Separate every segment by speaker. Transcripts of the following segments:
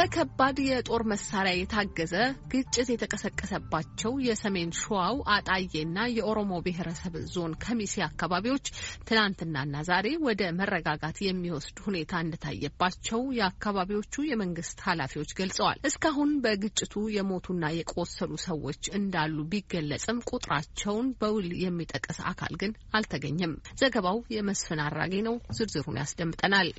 Speaker 1: በከባድ የጦር መሳሪያ የታገዘ ግጭት የተቀሰቀሰባቸው የሰሜን ሸዋው አጣዬና የኦሮሞ ብሔረሰብ ዞን ከሚሴ አካባቢዎች ትናንትናና ዛሬ ወደ መረጋጋት የሚወስድ ሁኔታ እንደታየባቸው የአካባቢዎቹ የመንግስት ኃላፊዎች ገልጸዋል። እስካሁን በግጭቱ የሞቱና የቆሰሉ ሰዎች እንዳሉ ቢገለጽም ቁጥራቸውን በውል የሚጠቀስ አካል ግን አልተገኘም። ዘገባው የመስፍን አራጌ ነው። ዝርዝሩን ያስደምጠናል።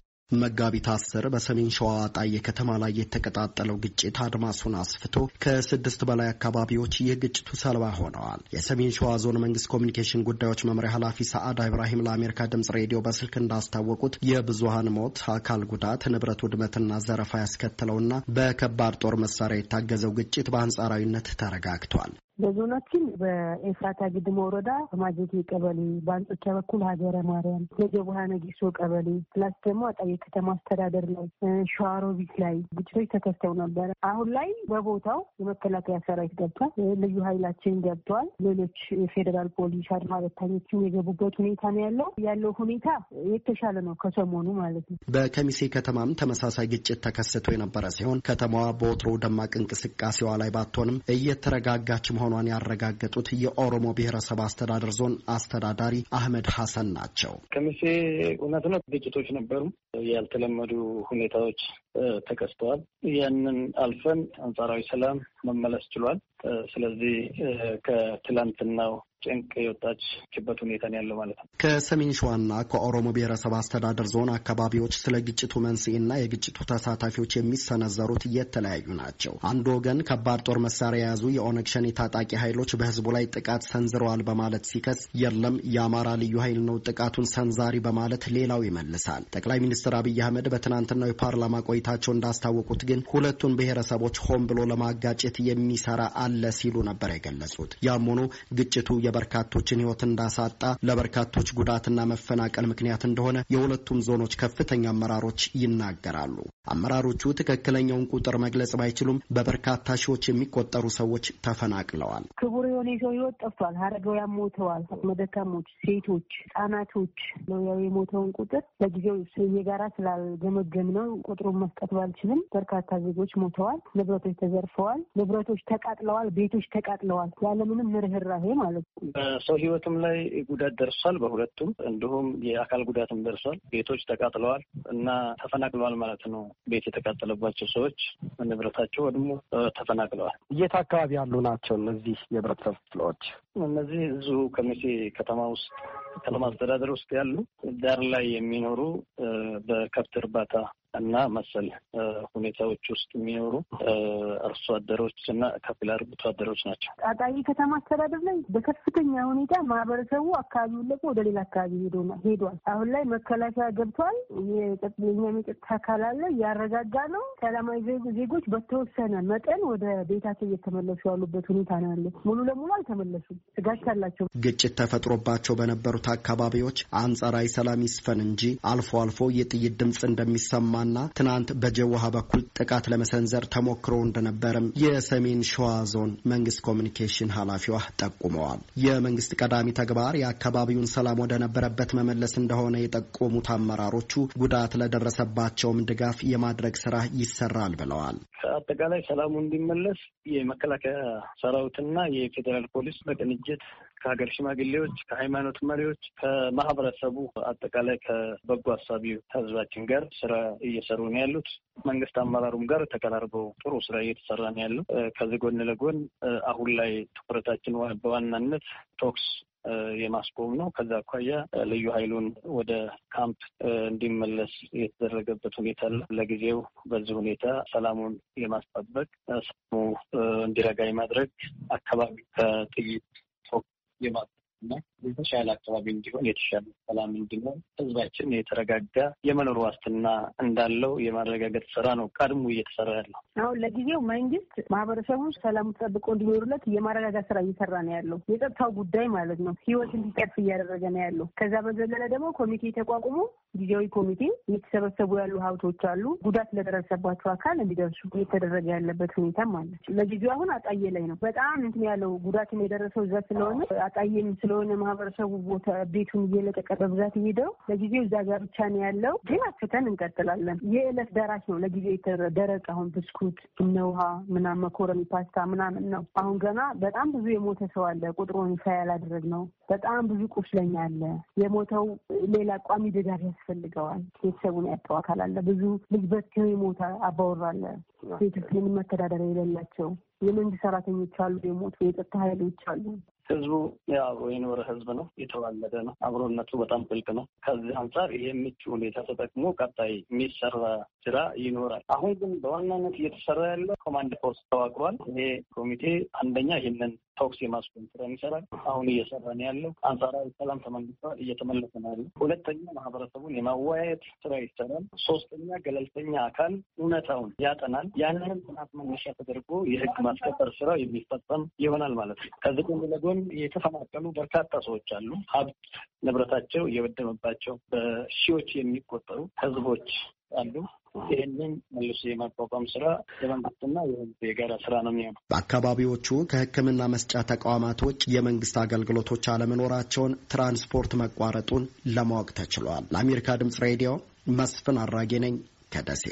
Speaker 2: መጋቢት አስር በሰሜን ሸዋ ጣዬ ከተማ ላይ የተቀጣጠለው ግጭት አድማሱን አስፍቶ ከስድስት በላይ አካባቢዎች የግጭቱ ሰለባ ሆነዋል። የሰሜን ሸዋ ዞን መንግስት ኮሚኒኬሽን ጉዳዮች መምሪያ ኃላፊ ሰዓዳ ኢብራሂም ለአሜሪካ ድምጽ ሬዲዮ በስልክ እንዳስታወቁት የብዙሀን ሞት፣ አካል ጉዳት፣ ንብረት ውድመትና ዘረፋ ያስከትለውና በከባድ ጦር መሳሪያ የታገዘው ግጭት በአንጻራዊነት ተረጋግቷል።
Speaker 1: በዞናችን በኤፍራታ ግድመ ወረዳ ማጀቴ ቀበሌ፣ በአንጾኪያ በኩል ሀገረ ማርያም፣ የጀቡሃ ነጊሶ ቀበሌ ፕላስ ደግሞ አጣዬ ከተማ አስተዳደር ላይ ሸዋሮቢት ላይ ግጭቶች ተከስተው ነበረ። አሁን ላይ በቦታው የመከላከያ ሰራዊት ገብቷል፣ ልዩ ኃይላችን ገብቷል፣ ሌሎች የፌዴራል ፖሊስ አድማ በታኞችም የገቡበት ሁኔታ ነው ያለው። ያለው ሁኔታ የተሻለ ነው ከሰሞኑ ማለት ነው።
Speaker 2: በከሚሴ ከተማም ተመሳሳይ ግጭት ተከስቶ የነበረ ሲሆን ከተማዋ በወትሮ ደማቅ እንቅስቃሴዋ ላይ ባትሆንም እየተረጋጋች መሆኑ መሆኗን ያረጋገጡት የኦሮሞ ብሔረሰብ አስተዳደር ዞን አስተዳዳሪ አህመድ ሀሰን ናቸው።
Speaker 3: ከሚሴ እውነት ነው፣ ግጭቶች ነበሩ። ያልተለመዱ ሁኔታዎች ተከስተዋል። ያንን አልፈን አንጻራዊ ሰላም መመለስ ችሏል። ስለዚህ ከትላንትናው ጭንቅ የወጣችበት ሁኔታ ያለው ማለት ነው።
Speaker 2: ከሰሜን ሸዋና ከኦሮሞ ብሔረሰብ አስተዳደር ዞን አካባቢዎች ስለ ግጭቱ መንስኤና የግጭቱ ተሳታፊዎች የሚሰነዘሩት የተለያዩ ናቸው። አንድ ወገን ከባድ ጦር መሳሪያ የያዙ የኦነግ ሸኔ ታጣቂ ኃይሎች በህዝቡ ላይ ጥቃት ሰንዝረዋል በማለት ሲከስ፣ የለም የአማራ ልዩ ኃይል ነው ጥቃቱን ሰንዛሪ በማለት ሌላው ይመልሳል። ጠቅላይ ሚኒስትር አብይ አህመድ በትናንትናው የፓርላማ ቆይታቸው እንዳስታወቁት ግን ሁለቱን ብሔረሰቦች ሆን ብሎ ለማጋጨት የሚሰራ አለ ሲሉ ነበር የገለጹት። ያም ሆኖ ግጭቱ የበርካቶችን ሕይወት እንዳሳጣ ለበርካቶች ጉዳትና መፈናቀል ምክንያት እንደሆነ የሁለቱም ዞኖች ከፍተኛ አመራሮች ይናገራሉ። አመራሮቹ ትክክለኛውን ቁጥር መግለጽ ባይችሉም በበርካታ ሺዎች የሚቆጠሩ ሰዎች ተፈናቅለዋል።
Speaker 1: ክቡር የሆነ የሰው ህይወት ጠፍቷል። አረጋውያን ሞተዋል። መደካሞች፣ ሴቶች፣ ህጻናቶች ነው ያው የሞተውን ቁጥር ለጊዜው የጋራ ስላልገመገም ነው ቁጥሩን መስጠት ባልችልም በርካታ ዜጎች ሞተዋል። ንብረቶች ተዘርፈዋል። ንብረቶች ተቃጥለዋል። ቤቶች ተቃጥለዋል። ያለምንም ርህራሄ ማለት
Speaker 3: ነው። በሰው ህይወትም ላይ ጉዳት ደርሷል። በሁለቱም እንዲሁም የአካል ጉዳትም ደርሷል። ቤቶች ተቃጥለዋል እና ተፈናቅለዋል ማለት ነው። ቤት የተቃጠለባቸው ሰዎች ንብረታቸው ወድሞ ተፈናቅለዋል። የት አካባቢ ያሉ ናቸው እነዚህ የህብረተሰብ ክፍሎች እነዚህ እዙ ከሚሴ ከተማ ውስጥ ከተማ አስተዳደር ውስጥ ያሉ ዳር ላይ የሚኖሩ በከብት እርባታ እና መሰል ሁኔታዎች ውስጥ የሚኖሩ አርሶ አደሮች እና ከፊል አርብቶ አደሮች ናቸው።
Speaker 1: አጣዬ ከተማ አስተዳደር ላይ በከፍተኛ ሁኔታ ማህበረሰቡ አካባቢውን ለቆ ወደ ሌላ አካባቢ ሄዷል። አሁን ላይ መከላከያ ገብቷል። የኛ የጸጥታ አካል አለ፣ እያረጋጋ ነው። ሰላማዊ ዜጎች በተወሰነ መጠን ወደ ቤታቸው እየተመለሱ ያሉበት ሁኔታ ነው ያለ። ሙሉ ለሙሉ አልተመለሱም፣ ስጋት አላቸው።
Speaker 2: ግጭት ተፈጥሮባቸው በነበሩት አካባቢዎች አንጻራዊ ሰላም ይስፈን እንጂ አልፎ አልፎ የጥይት ድምፅ እንደሚሰማ ከተማና ትናንት በጀውሃ በኩል ጥቃት ለመሰንዘር ተሞክሮ እንደነበርም የሰሜን ሸዋ ዞን መንግስት ኮሚኒኬሽን ኃላፊዋ ጠቁመዋል። የመንግስት ቀዳሚ ተግባር የአካባቢውን ሰላም ወደነበረበት መመለስ እንደሆነ የጠቆሙት አመራሮቹ ጉዳት ለደረሰባቸውም ድጋፍ የማድረግ ስራ ይሰራል ብለዋል።
Speaker 3: አጠቃላይ ሰላሙ እንዲመለስ የመከላከያ ሰራዊትና የፌዴራል ፖሊስ በቅንጅት ከሀገር ሽማግሌዎች፣ ከሃይማኖት መሪዎች፣ ከማህበረሰቡ አጠቃላይ ከበጎ አሳቢ ህዝባችን ጋር ስራ እየሰሩ ነው ያሉት። መንግስት አመራሩም ጋር ተቀራርበው ጥሩ ስራ እየተሰራ ነው ያለው። ከዚህ ጎን ለጎን አሁን ላይ ትኩረታችን በዋናነት ቶክስ የማስቆም ነው። ከዛ አኳያ ልዩ ኃይሉን ወደ ካምፕ እንዲመለስ የተደረገበት ሁኔታ ለጊዜው በዚህ ሁኔታ ሰላሙን የማስጠበቅ ሰላሙ እንዲረጋ የማድረግ አካባቢ ከጥይት የማ እና የተሻለ አካባቢ እንዲሆን የተሻለ ሰላም እንዲሆን ህዝባችን የተረጋጋ የመኖር ዋስትና እንዳለው የማረጋገጥ ስራ ነው ቀድሞ እየተሰራ ያለው።
Speaker 1: አሁን ለጊዜው መንግስት ማህበረሰቡ ሰላሙ ተጠብቆ እንዲኖሩለት የማረጋጋት ስራ እየሰራ ነው ያለው። የጸጥታው ጉዳይ ማለት ነው ህይወት እንዲጠፍ እያደረገ ነው ያለው። ከዛ በዘለለ ደግሞ ኮሚቴ ተቋቁሞ ጊዜያዊ ኮሚቴ የተሰበሰቡ ያሉ ሀብቶች አሉ ጉዳት ለደረሰባቸው አካል እንዲደርሱ እየተደረገ ያለበት ሁኔታም አለ። ለጊዜው አሁን አጣዬ ላይ ነው በጣም እንትን ያለው ጉዳትን የደረሰው እዛ ስለሆነ አጣዬ ስለሆነ ማህበረሰቡ ቦታ ቤቱን እየለቀቀ በብዛት ሄደው ለጊዜው እዛ ጋር ብቻ ነው ያለው፣ ግን አፍተን እንቀጥላለን። የዕለት ደራሽ ነው ለጊዜው ደረቅ አሁን ብስኩት እነ ውሃ ምናምን መኮረኒ ፓስታ ምናምን ነው። አሁን ገና በጣም ብዙ የሞተ ሰው አለ። ቁጥሩን ይፋ ያላደረግ ነው። በጣም ብዙ ቁስለኛ አለ። የሞተው ሌላ ቋሚ ድጋፍ ያስፈልገዋል። ቤተሰቡን ያጠው አካል አለ። ብዙ ልጅ በትኖ የሞተ አባወራ አለ። ሴቶች ምንም መተዳደሪያ የሌላቸው የመንግስት ሰራተኞች አሉ። የሞቱ የጸጥታ ኃይሎች አሉ።
Speaker 3: ህዝቡ የአብሮ የኖረ ህዝብ ነው፣ የተዋለደ ነው። አብሮነቱ በጣም ጥልቅ ነው። ከዚህ አንጻር ይሄ ምቹ ሁኔታ ተጠቅሞ ቀጣይ የሚሰራ ስራ ይኖራል። አሁን ግን በዋናነት እየተሰራ ያለው ኮማንድ ፖስት ተዋቅሯል። ይሄ ኮሚቴ አንደኛ ይህንን ተኩስ የማስቆም ስራ ይሰራል። አሁን እየሰራ ነው ያለው። አንጻራዊ ሰላም ተመልሷል፣ እየተመለሰ ነው ያለው። ሁለተኛ ማህበረሰቡን የማወያየት ስራ ይሰራል። ሶስተኛ ገለልተኛ አካል እውነታውን ያጠናል። ያንንም ጥናት መነሻ ተደርጎ የህግ ማስከበር ስራ የሚፈጸም ይሆናል ማለት ነው። ከዚህ ጎን ለጎን የተፈናቀሉ በርካታ ሰዎች አሉ። ሀብት ንብረታቸው እየወደመባቸው በሺዎች የሚቆጠሩ ህዝቦች አሉ። ይህንን መልሶ የማቋቋም ስራ የመንግስትና የህዝብ የጋራ ስራ ነው የሚሆነው።
Speaker 2: በአካባቢዎቹ ከህክምና መስጫ ተቋማት ውጭ የመንግስት አገልግሎቶች አለመኖራቸውን፣ ትራንስፖርት መቋረጡን ለማወቅ ተችሏል።
Speaker 3: ለአሜሪካ ድምጽ ሬዲዮ መስፍን አራጌ ነኝ ከደሴ